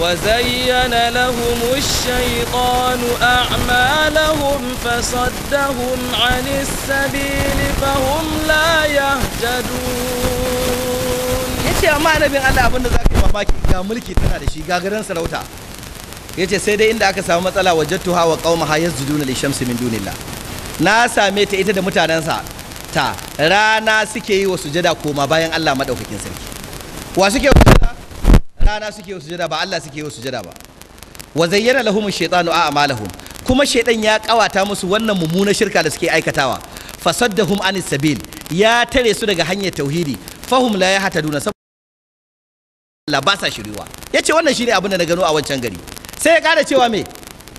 وزين لهم الشيطان أعمالهم فصدهم عن السبيل فهم لا يهتدون ya ce amma annabin Allah abinda za ka yi mamaki ga mulki tana da shi gagarin sarauta ya ce sai dai inda aka samu matsala wajattu hawa kauma ha yasjuduna li shamsi min dunillah na same ta ita da mutanensa ta rana suke yi wa sujada koma bayan Allah madaukakin sarki wa suke sujada rana suke yi sujada ba Allah suke yi sujada ba wa zayyana lahum shaytanu amalahum kuma shaytan ya kawata musu wannan mummunar shirka da suke aikatawa fasaddahum anis sabil ya tare su daga hanyar tauhidi fahum la yahtaduna Allah ba sa shiriwa yace wannan shine abin da na gano a wancan gari sai ya kada cewa me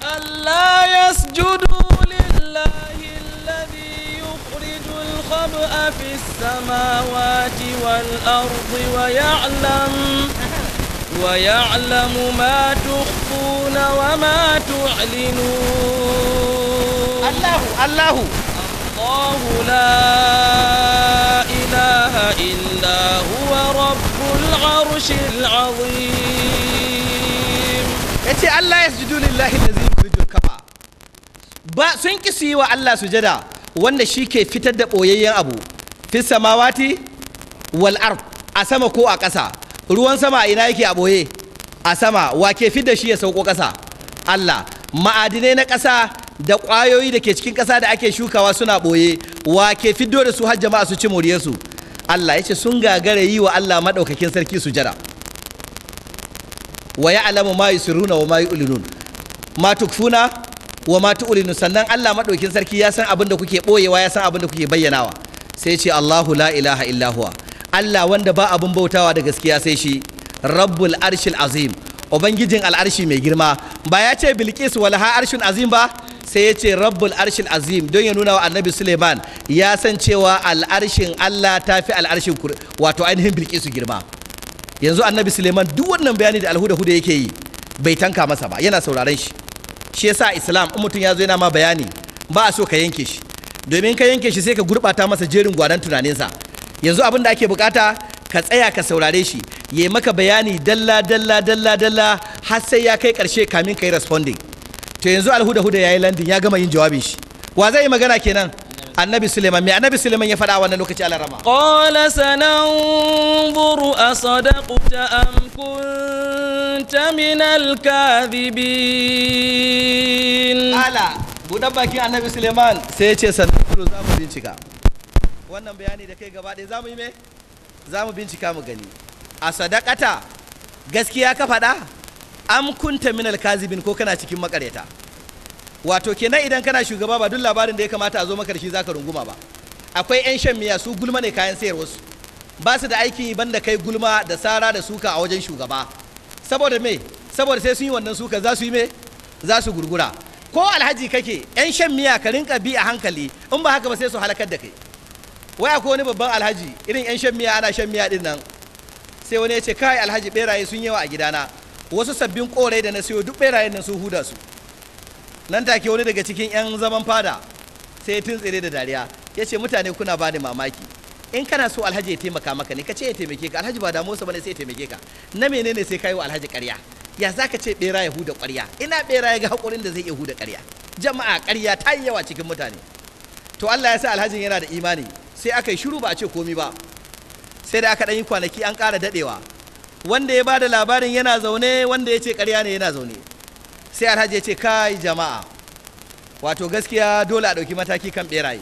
Allah yasjudu lillahi alladhi yukhrijul khab'a fis samawati wal ardi wa ya'lam wa ya'lamu ma tukhfuna wa ma tu'linun Allahu Allahu الله لا إله إلا هو رب العرش العظيم يتي الله يسجد لله الذي يخرج الكفى ba sun ki su yi wa Allah sujada wanda shi ke fitar da ɓoyayyen abu fi samawati wal wal'ar a sama ko a ƙasa ruwan sama a ina yake a ɓoye a sama wa ke fitar da shi ya sauko ƙasa Allah ma'adinai na ƙasa da ƙwayoyi da ke cikin ƙasa da ake shukawa suna ɓoye wa ke fiddo da su har jama'a su ci moriyarsu Allah ya ce sun gagara yi wa Allah maɗaukakin sarki sujada wa ya'lamu ma yusirruna wa ma yu'linun ma tukfuna wa ma tu'linu sannan Allah maɗaukakin sarki ya san abin da kuke ɓoyewa ya san abin da kuke bayyanawa sai ce Allahu la ilaha illa Allah wanda ba abin bautawa da gaskiya sai shi rabbul arshil azim ubangijin al'arshi mai girma ba ya ce Bilkisu wala ha arshin azim ba sai ya ce rabbul arshin azim don ya nuna wa annabi suleiman ya san cewa al'arshin allah ta fi al'arshin wato ainihin bilkisu girma yanzu annabi suleiman duk wannan bayani da alhuda-huda yake yi bai tanka masa ba yana sauraron shi shi yasa islam in mutum ya zo yana ma bayani ba a so ka yanke shi domin ka yanke shi sai ka gurɓata masa jerin gwanan tunaninsa yanzu abin da ake bukata ka tsaya ka saurare shi ya maka bayani dalla dalla dalla dalla har sai ya kai karshe kamin ka yi responding to yanzu alhuda-huda ya yi landin ya gama yin jawabin shi wa zai yi magana kenan annabi suleiman mai annabi suleiman ya faɗa wannan lokaci alarama qala sananzuru asadaqta am kunta min alkadhibin ala budan bakin annabi suleiman sai ya ce sananzuru za mu bincika wannan bayani da kai gaba ɗaya za mu yi me za mu bincika mu gani a sadakata gaskiya ka faɗa am kunta minal kazibin ko kana cikin makareta wato kenan idan kana shugaba ba duk labarin da ya kamata a zo maka shi zaka runguma ba akwai yan shan miya su gulma ne kayan sayar su. ba su da aiki yi banda kai gulma da sara da suka a wajen shugaba saboda me saboda sai sun yi wannan suka za su yi me za su gurgura ko alhaji kake yan shan miya ka rinka bi a hankali in ba haka ba sai su halakar da kai Waya ko wani babban alhaji irin yan shan miya ana shan miya din nan sai wani ya ce kai alhaji beraye sun yawa a gidana wasu sabbin korai da na siyo duk berayen nan su huda su nan take wani daga cikin 'yan zaman fada sai ya tuntsire da dariya ya ce mutane kuna bani mamaki in kana so alhaji ya taimaka maka ne ka ce ya taimake ka alhaji ba damuwarsa bane sai ya taimake ka na menene sai kayi wa alhaji ƙarya ya za ka ce bera ya huda ƙwarya ina bera ya ga haƙurin da zai iya huda ƙarya jama'a ƙarya ta yi yawa cikin mutane to Allah ya sa alhajin yana da imani sai aka yi shiru ba a ce komi ba sai da aka ɗan yi kwanaki an ƙara daɗewa wanda ya bada labarin yana zaune wanda ya ce ƙarya ne yana zaune sai alhaji ya ce kai jama'a wato gaskiya dole a ɗauki mataki kan ɓeraye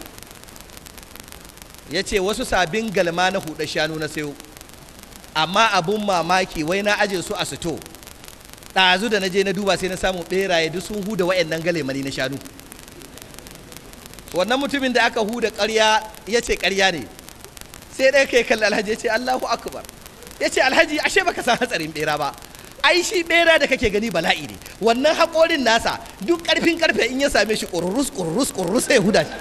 ya ce wasu sabin galma na huɗa shanu na sayo amma abun mamaki wai na aje su a sito ɗazu da na je na duba sai na samu ɓeraye duk sun huda wa'annan galemani na shanu wannan mutumin da aka huda ƙarya ya ce ƙarya ne sai ɗaya kai kalli alhaji ya ce allahu akbar ya ce alhaji ashe baka san hatsarin bera ba ai shi bera da kake gani bala'i ne wannan haƙorin nasa duk ƙarfin ƙarfe in ya same shi ƙururus ƙururus ƙururus sai huda shi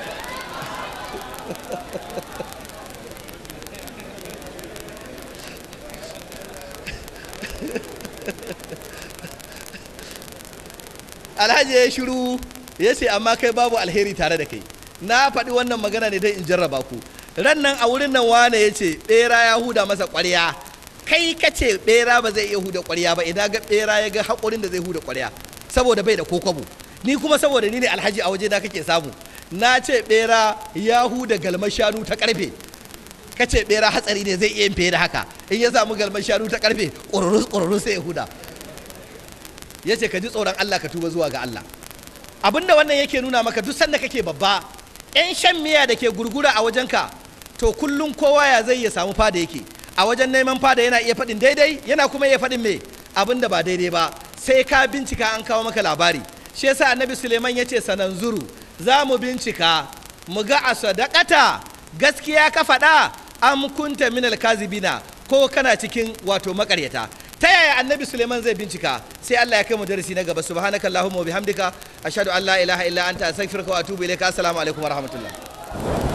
alhaji ya shiru ya ce amma kai babu alheri tare da kai na faɗi wannan magana ne dai in jarraba ku ran nan a wurin nan wane ya ce ɓera ya huda masa ƙwarya kai ka ce bera ba zai iya huda kwarya ba idan ga bera ya ga hakurin da zai huda ƙwarya saboda bai da kokobo ni kuma saboda ni ne alhaji a waje na kake samu na ce bera ya huda galmar shanu ta karfe ka ce bera hatsari ne zai iya yin fere da haka in ya samu galmar shanu ta karfe ƙururus ƙururus sai ya huda ya ce ka ji tsoron Allah ka tuba zuwa ga Allah abinda wannan yake nuna maka duk sanda kake babba 'yan shan miya da ke gurgura a wajenka to kullum kowa ya zai ya samu fada yake a wajen neman fada yana iya faɗin daidai yana kuma iya faɗin me abin da ba daidai ba sai ka bincika an kawo maka labari shi yasa annabi suleiman ya ce sanan zuru za mu bincika mu ga a sadakata gaskiya ka faɗa an kunta min alkazibina ko kana cikin wato makaryata ta yaya annabi suleiman zai bincika sai allah ya kai mu darasi na gaba subhanaka allahumma wa bihamdika ashhadu an la ilaha illa anta astaghfiruka wa atubu ilayka assalamu alaikum wa rahmatullah